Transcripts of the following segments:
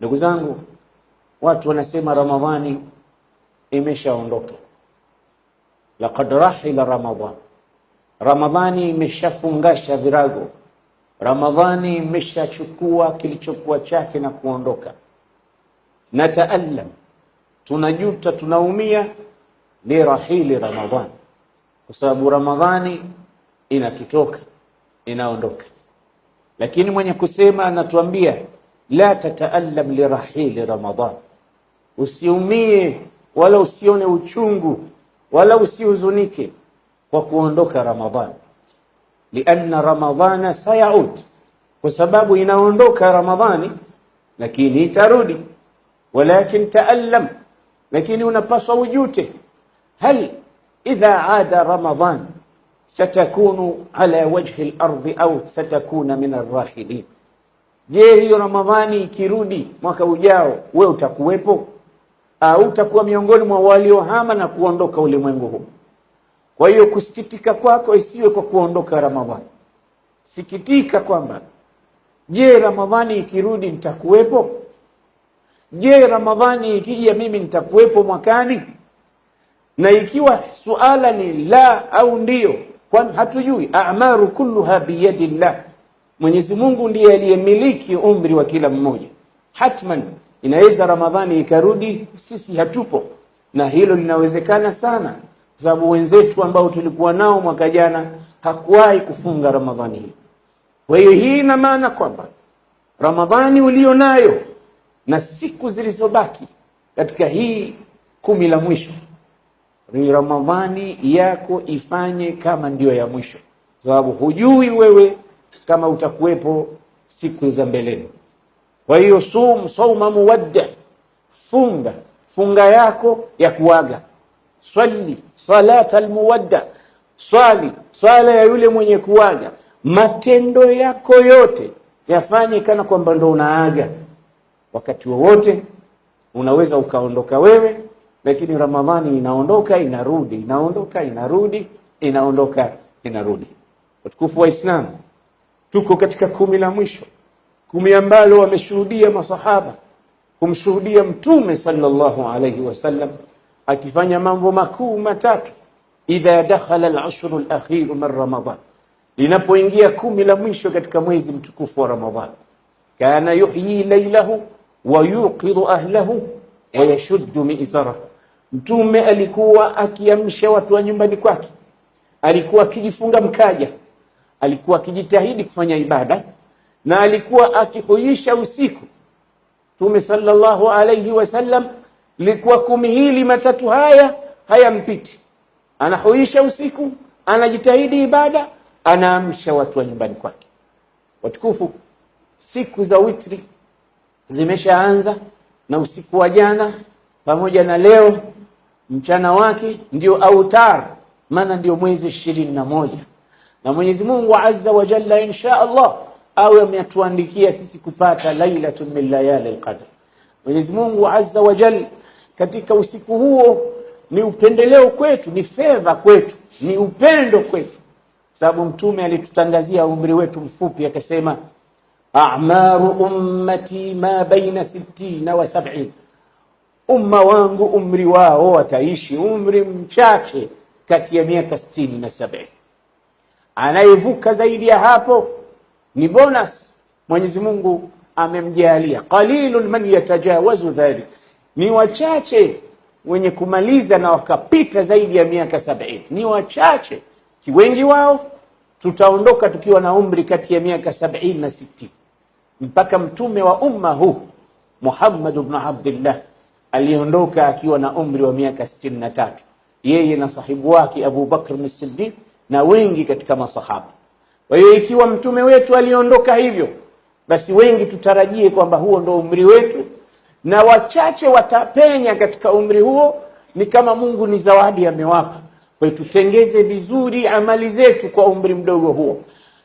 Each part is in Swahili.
Ndugu zangu, watu wanasema Ramadhani imeshaondoka, laqad rahila Ramadhan, Ramadhani imeshafungasha virago, Ramadhani imeshachukua kilichokuwa chake na kuondoka. Nataallam, tunajuta, tunaumia lirahili ramadhan kwa sababu Ramadhani inatutoka, inaondoka. Lakini mwenye kusema anatuambia la tataallam lirahili Ramadan, usiumie wala usione uchungu wala usihuzunike kwa kuondoka Ramadhan, lianna ramadhana sayaud, kwa sababu inaondoka Ramadhani lakini itarudi. Walakin taallam, lakini unapaswa ujute. Hal idha ada ramadhan satakunu ala wajhi lardhi au satakuna min arrahilin Je, hiyo Ramadhani ikirudi mwaka ujao, we utakuwepo au ah, utakuwa miongoni mwa waliohama na kuondoka ulimwengu huu? Kwa hiyo kusikitika kwako isiwe kwa kuondoka Ramadhani. Sikitika kwamba je, Ramadhani ikirudi nitakuwepo? Je, Ramadhani ikija mimi nitakuwepo mwakani? Na ikiwa suala ni la au ndio kwani hatujui, amaru kulluha biyadillah Mwenyezi Mungu ndiye aliyemiliki umri wa kila mmoja. Hatman inaweza Ramadhani ikarudi sisi hatupo, na hilo linawezekana sana, kwa sababu wenzetu ambao tulikuwa nao mwaka jana hakuwahi kufunga Ramadhani hii. Kwa hiyo hii ina maana kwamba Ramadhani ulio nayo na siku zilizobaki katika hii kumi la mwisho ni Ramadhani yako, ifanye kama ndiyo ya mwisho, sababu hujui wewe kama utakuwepo siku za mbeleni. Kwa hiyo sum sauma muwadda, funga funga yako ya kuaga. Swali salata almuwadda, swali swala ya yule mwenye kuaga. Matendo yako yote yafanye kana kwamba ndo unaaga. Wakati wowote unaweza ukaondoka wewe, lakini Ramadhani inaondoka inarudi, inaondoka inarudi, inaondoka inarudi. Watukufu wa Islamu Tuko katika kumi la mwisho, kumi ambalo wameshuhudia masahaba kumshuhudia Mtume sallallahu alayhi wasallam akifanya mambo makuu matatu. Idha dakhala al-ashru al akhir min Ramadan, linapoingia kumi la mwisho katika mwezi mtukufu wa Ramadan, kana yuhyi laylahu wa yuqidu ahlahu wa yashuddu mizara, Mtume alikuwa akiamsha watu wa nyumbani kwake, alikuwa akijifunga mkaja alikuwa akijitahidi kufanya ibada na alikuwa akihuisha usiku. Mtume sallallahu alayhi wasallam likuwa kumi hili matatu haya hayampiti, anahuisha usiku, anajitahidi ibada, anaamsha watu wa nyumbani kwake. Watukufu, siku za witri zimeshaanza na usiku wa jana pamoja na leo mchana wake ndio autar, maana ndio mwezi ishirini na moja na Mwenyezi Mungu Azza wa Jalla insha Allah awe ametuandikia sisi kupata lailatun min layali alqadr. Mwenyezi Mungu Azza wa Jalla katika usiku huo ni upendeleo kwetu, ni fedha kwetu, ni upendo kwetu, sababu Mtume alitutangazia umri wetu mfupi akasema, a'maru ummati ma baina 60 wa 70, umma wangu umri wao wataishi umri mchache kati ya miaka 60 na sabini anayevuka zaidi ya hapo ni bonus. Mwenyezi Mungu amemjalia, qalilun man yatajawazu dhalik, ni wachache wenye kumaliza na wakapita zaidi ya miaka sabini, ni wachache. Wengi wao tutaondoka tukiwa na umri kati ya miaka sabini na sitini. Mpaka mtume wa umma huu Muhammad ibn Abdullah aliondoka akiwa na umri wa miaka sitini na tatu, yeye na sahibu wake Abu Bakr as-Siddiq na wengi katika masahaba. Kwa hiyo ikiwa mtume wetu aliondoka hivyo, basi wengi tutarajie kwamba huo ndo umri wetu, na wachache watapenya katika umri huo. Ni kama Mungu ni zawadi amewapa. Kwa hiyo tutengeze vizuri amali zetu kwa umri mdogo huo,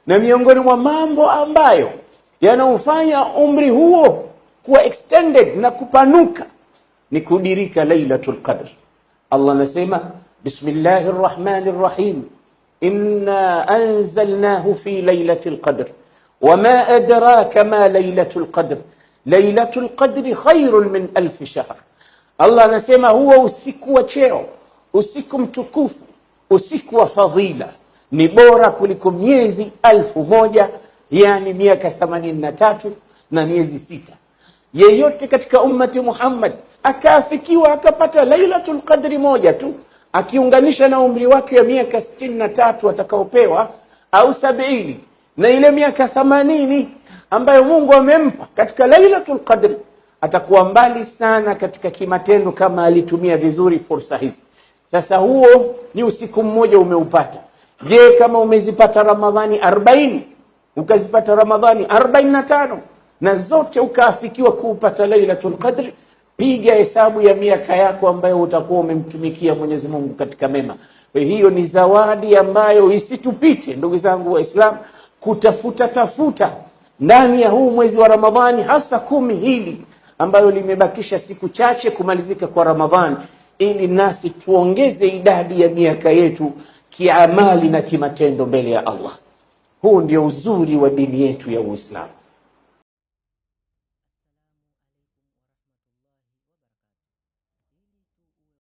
na miongoni mwa mambo ambayo yanaufanya umri huo kuwa extended na kupanuka ni kudirika Lailatul Qadr. Allah anasema bismillahir rahmanir rahim إنا أنزلناه في ليلة القدر وما أدراك ما ليلة القدر ليلة القدر خير من ألف شهر الله نسيما هو أسيك وشيعو أسيك متكوف أسيك وفضيلة نبورك كلكم ميزي ألف موجة يعني مياك ثمانين نتاتو نميزي ستة ييوتك أمة محمد أكافكي وأكبت ليلة القدر موجة akiunganisha na umri wake wa miaka sitini na tatu atakaopewa au sabini na ile miaka thamanini ambayo Mungu amempa katika Lailatul Qadr, atakuwa mbali sana katika kimatendo kama alitumia vizuri fursa hizi. Sasa huo ni usiku mmoja umeupata. Je, kama umezipata Ramadhani 40 ukazipata Ramadhani 45 na na zote ukaafikiwa kuupata Lailatul Qadr Piga hesabu ya miaka yako ambayo utakuwa umemtumikia Mwenyezi Mungu katika mema. Kwa hiyo ni zawadi ambayo isitupite, ndugu zangu Waislamu, kutafuta tafuta ndani ya huu mwezi wa Ramadhani, hasa kumi hili ambayo limebakisha siku chache kumalizika kwa Ramadhani, ili nasi tuongeze idadi ya miaka yetu kiamali na kimatendo mbele ya Allah. Huu ndio uzuri wa dini yetu ya Uislamu.